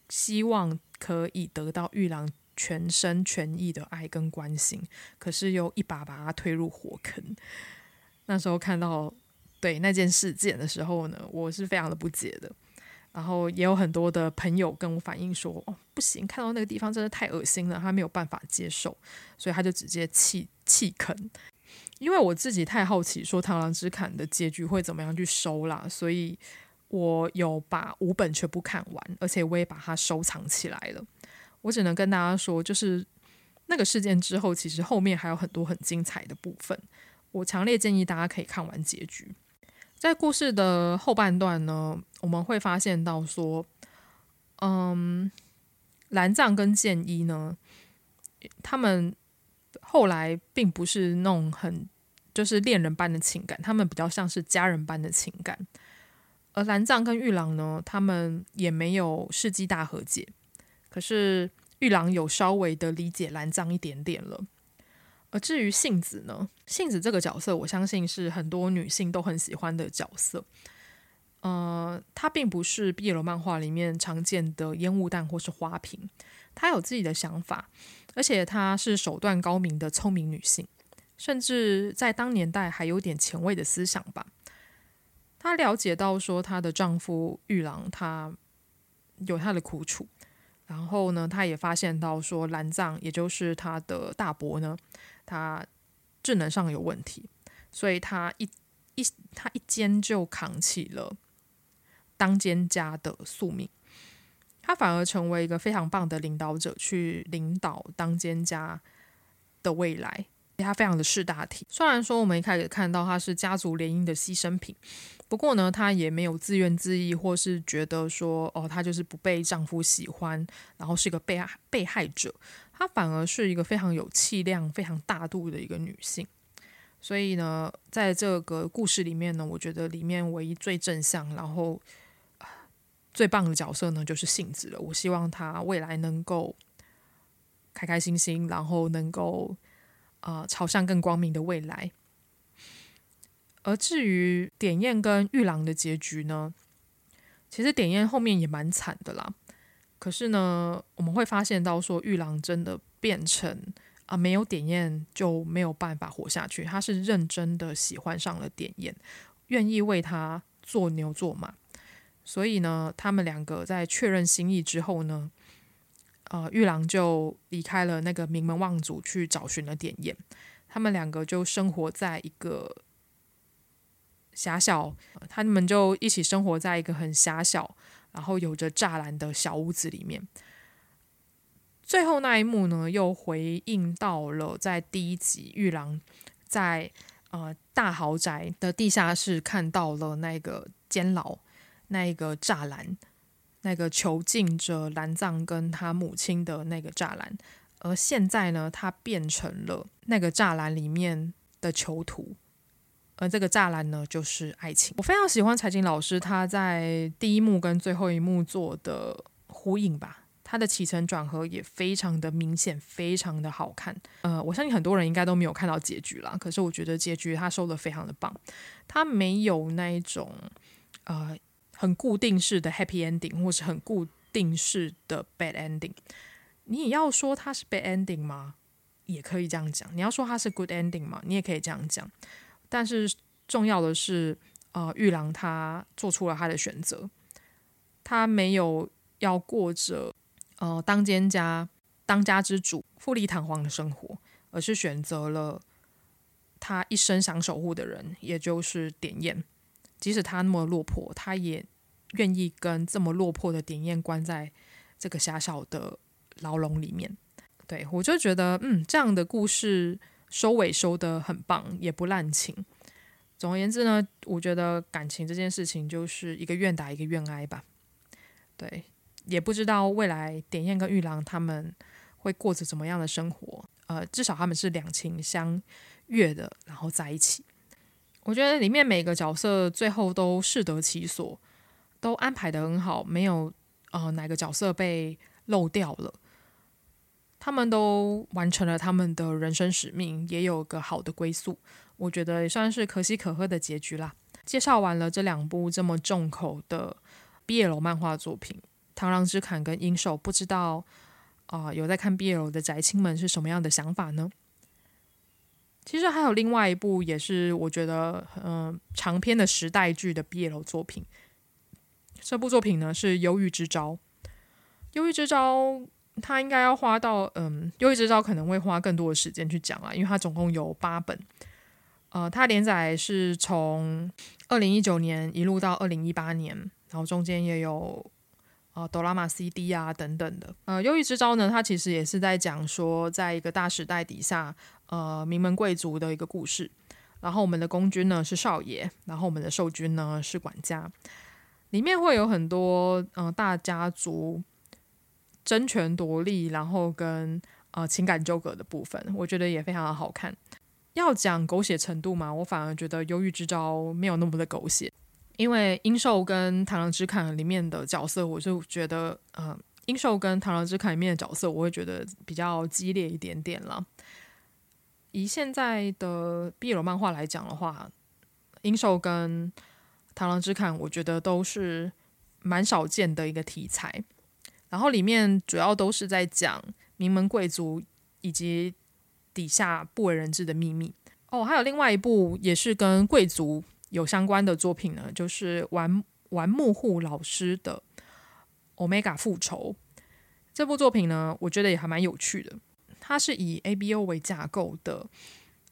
希望可以得到玉郎全心全意的愛跟關心，可是又一把把他推入火坑？那時候看到對那件事件的時候呢，我是非常的不解的。然後也有很多的朋友跟我反映說，哦，不行，看到那個地方真的太惡心了，他沒有辦法接受，所以他就直接棄棄坑。因為我自己太好奇，說《螳螂之檻》的結局會怎麼樣去收啦，所以我有把五本全部看完，而且我也把它收藏起來了。我只能跟大家說，就是那個事件之後，其實後面還有很多很精彩的部分，我強烈建議大家可以看完結局。在故事的後半段呢，我們會發現到說，嗯，藍藏跟劍一呢，他們後來並不是那種很，就是戀人般的情感，他們比較像是家人般的情感。而藍藏跟玉郎呢，他們也沒有世紀大和解，可是玉郎有稍微的理解藍藏一點點了。而至於杏子呢？杏子這個角色，我相信是很多女性都很喜歡的角色。呃，她並不是 BL 漫畫裡面常見的煙霧彈或是花瓶，她有自己的想法，而且她是手段高明的聰明女性，甚至在當年代還有點前衛的思想吧。她了解到說她的丈夫玉郎他有他的苦楚，然後呢，她也發現到說藍藏也就是她的大伯呢。他智能上有問題，所以他一一他一肩就扛起了當間家的宿命。他反而成為一個非常棒的領導者，去領導當間家的未來。她非常的識大體，雖然說我們一開始看到她是家族聯姻的犧牲品，不過呢，她也沒有自怨自艾，或是覺得說哦，她就是不被丈夫喜歡，然後是一個被害被害者，她反而是一個非常有氣量、非常大度的一個女性。所以呢，在這個故事裡面呢，我覺得裡面唯一最正向，然後、呃、最棒的角色呢，就是杏子了。我希望她未來能夠開開心心，然後能夠。啊、呃，朝向更光明的未來。而至於典彥跟玉郎的結局呢？其實典彥後面也蠻慘的啦。可是呢，我們會發現到說，玉郎真的變成啊、呃，沒有典彥就沒有辦法活下去。他是認真的喜歡上了典彥，願意為他做牛做馬。所以呢，他們兩個在確認心意之後呢，呃，玉郎就離開了那個名門望族，去找尋了典彥。他們兩個就生活在一個狹小，他們就一起生活在一個很狹小，然後有着柵欄的小屋子裡面。最後那一幕呢，又回應到了在第一集玉郎在呃大豪宅的地下室看到了那個監牢，那一個柵欄。那個囚禁着藍藏跟他母親的那個柵欄，而現在呢，他變成了那個柵欄裡面的囚徒，而這個柵欄呢就是愛情。我非常喜歡彩景老師他在第一幕跟最後一幕做的呼應吧，他的起承轉合也非常的明顯，非常的好看。呃，我相信很多人應該都沒有看到結局啦，可是我覺得結局他收得非常的棒，他沒有那種呃。很固定式的 happy ending，或是很固定式的 bad ending，你也要說它是 bad ending 嗎？也可以這樣講。你要說它是 good ending 嗎？你也可以這樣講。但是重要的是，啊、呃，玉郎他做出了他的選擇，他沒有要過着，呃，當間家當家之主、富麗堂皇的生活，而是選擇了他一生想守護的人，也就是典彥。即使他那麼落魄，他也。願意跟這麼落魄的典彥關在這個狹小的牢籠裡面。對，對，我就覺得，嗯，這樣的故事收尾收的很棒，也不濫情。總而言之呢，我覺得感情這件事情就是一個願打一個願挨吧。對，也不知道未來典彥跟玉郎他們會過着怎麼樣的生活，呃，至少他們是兩情相悅的，然後在一起。我覺得裡面每個角色最後都適得其所。都安排得很好，沒有呃哪個角色被漏掉了，他們都完成了他們的人生使命，也有個好的歸宿，我覺得也算是可喜可賀的結局啦。介紹完了這兩部這麼重口的 BL 漫畫作品，《螳螂之檻》跟《櫻狩》，不知道啊、呃、有在看 BL 的宅青們是什麼樣的想法呢？其實還有另外一部，也是我覺得嗯、呃、長篇的時代劇的 BL 作品。這部作品呢是《憂鬱之朝》。《憂鬱之朝》它應該要花到，嗯，《憂鬱之朝》可能會花更多的時間去講啊，因為它總共有八本，呃，它連載是從二零一九年一路到二零一八年，然後中間也有呃 Drama CD 啊等等的。呃，《憂鬱之朝》呢，它其實也是在講說，在一個大時代底下，呃，名門貴族的一個故事。然後我們的攻君呢是少爺，然後我們的受君呢是管家。裡面會有很多嗯、呃、大家族爭權奪利，然後跟呃情感糾葛的部分，我覺得也非常的好看。要講狗血程度嘛，我反而覺得《憂鬱之朝》沒有那麼的狗血，因為《櫻狩》跟《螳螂之檻》裡面的角色，我就覺得嗯，呃《櫻狩》跟《螳螂之檻》裡面的角色，我會覺得比較激烈一點點了。以現在的 BL 漫畫來講的話，《櫻狩》跟《螳螂之檻》，我覺得都是蠻少見的一個題材，然後裡面主要都是在講名門貴族以及底下不為人知的秘密。哦，還有另外一部也是跟貴族有相關的作品呢，就是玩、丸木戶老師的《Omega 復仇》這部作品呢，我覺得也還蠻有趣的。它是以 A B O 為架構的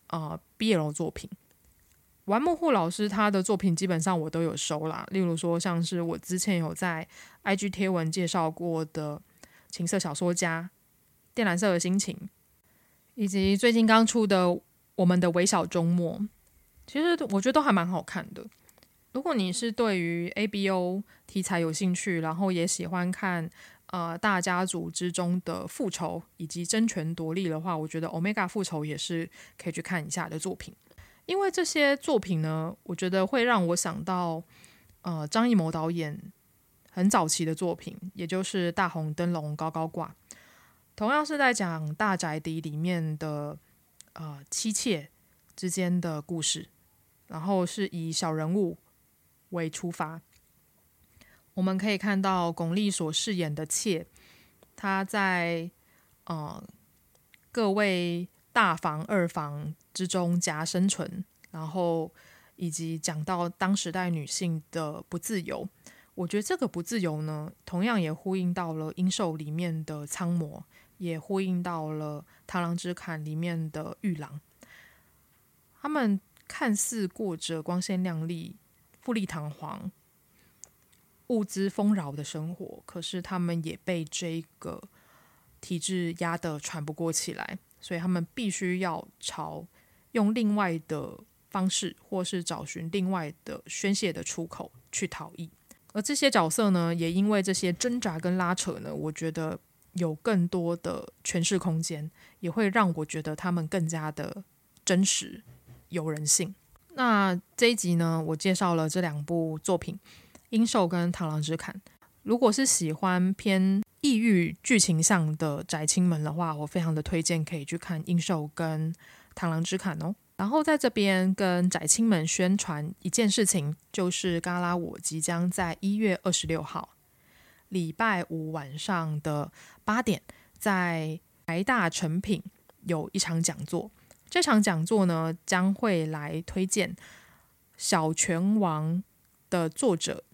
啊、呃、B L 作品。玩木戶老師，他的作品基本上我都有收啦。例如說，像是我之前有在 IG 貼文介紹過的《情色小說家》《靛藍色的心情》，以及最近剛出的《我們的微小周末》，其實我覺得都還蠻好看的。如果你是對於 ABO 題材有興趣，然後也喜歡看呃大家族之中的復仇以及爭權奪利的話，我覺得 Omega 復仇也是可以去看一下的作品。因為這些作品呢，我覺得會讓我想到，呃，張藝謀導演很早期的作品，也就是《大紅燈籠高高掛》，同樣是在講大宅邸裡面的呃妻妾之間的故事，然後是以小人物為出發，我們可以看到鞏俐所飾演的妾，她在呃各位。大房二房之中夾生存，然後以及講到當時代女性的不自由。我覺得這個不自由呢，同樣也呼應到了《英獸》裡面的蒼魔，也呼應到了《螳螂之檻》裡面的玉郎。他們看似過着光鮮亮麗、富麗堂皇、物資豐饒的生活，可是他們也被這個體制壓得喘不過氣來。所以他們必須要朝用另外的方式，或是找尋另外的宣洩的出口去逃逸。而這些角色呢，也因為這些掙扎跟拉扯呢，我覺得有更多的詮釋空間，也會讓我覺得他們更加的真實、有人性。那這一集呢，我介紹了這兩部作品《櫻狩》跟《螳螂之檻》。如果是喜歡偏抑鬱劇情向的宅青們的話，我非常的推薦可以去看《印獸》跟《螳螂之檻》哦。然後在這邊跟宅青們宣傳一件事情，就是，嘎拉我即將在一月二十六號禮拜五晚上的八點，在台大誠品有一場講座。這場講座呢，將會來推薦《小拳王》的作者。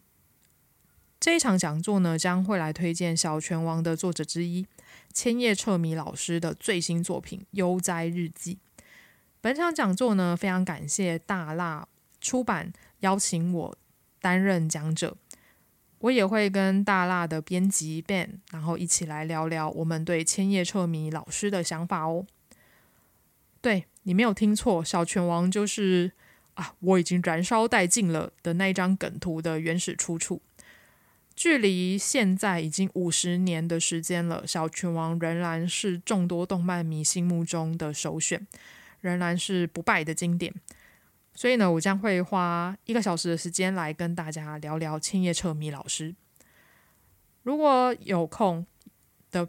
這一場講座呢，將會來推薦《小拳王》的作者之一千葉徹彌老師的最新作品《悠哉日記》。本場講座呢，非常感謝大辣出版邀請我擔任講者，我也會跟大辣的編輯 Ben，然後一起來聊聊我們對千葉徹彌老師的想法哦。對，你沒有聽錯，《小拳王》就是啊，我已經燃燒殆盡了的那一張梗圖的原始出處。距離現在已經五十年的時間了，小拳王仍然是眾多動漫迷心目中的首選，仍然是不敗的經典。所以呢，我將會花一個小時的時間來跟大家聊聊千葉徹彌老師。如果有空的，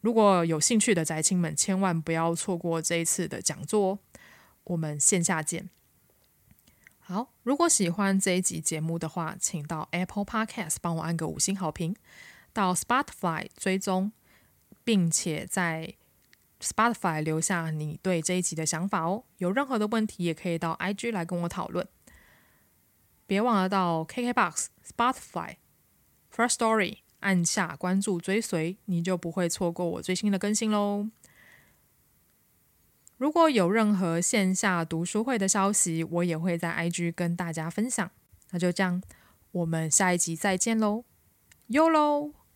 如果有興趣的宅青們，千萬不要錯過這一次的講座。我們線下見。好，如果喜歡這一集節目的話，請到 Apple Podcast 幫我按個五星好評，到 Spotify 追蹤，並且在 Spotify 留下你對這一集的想法哦。有任何的問題，也可以到 IG 來跟我討論。別忘了到 KKBox、Spotify、Firstory 按下關注追隨，你就不會錯過我最新的更新嘍。如果有任何線下讀書會的消息，我也會在 IG 跟大家分享。那就這樣，我們下一集再見嘍，Yo 嘍！YOLO!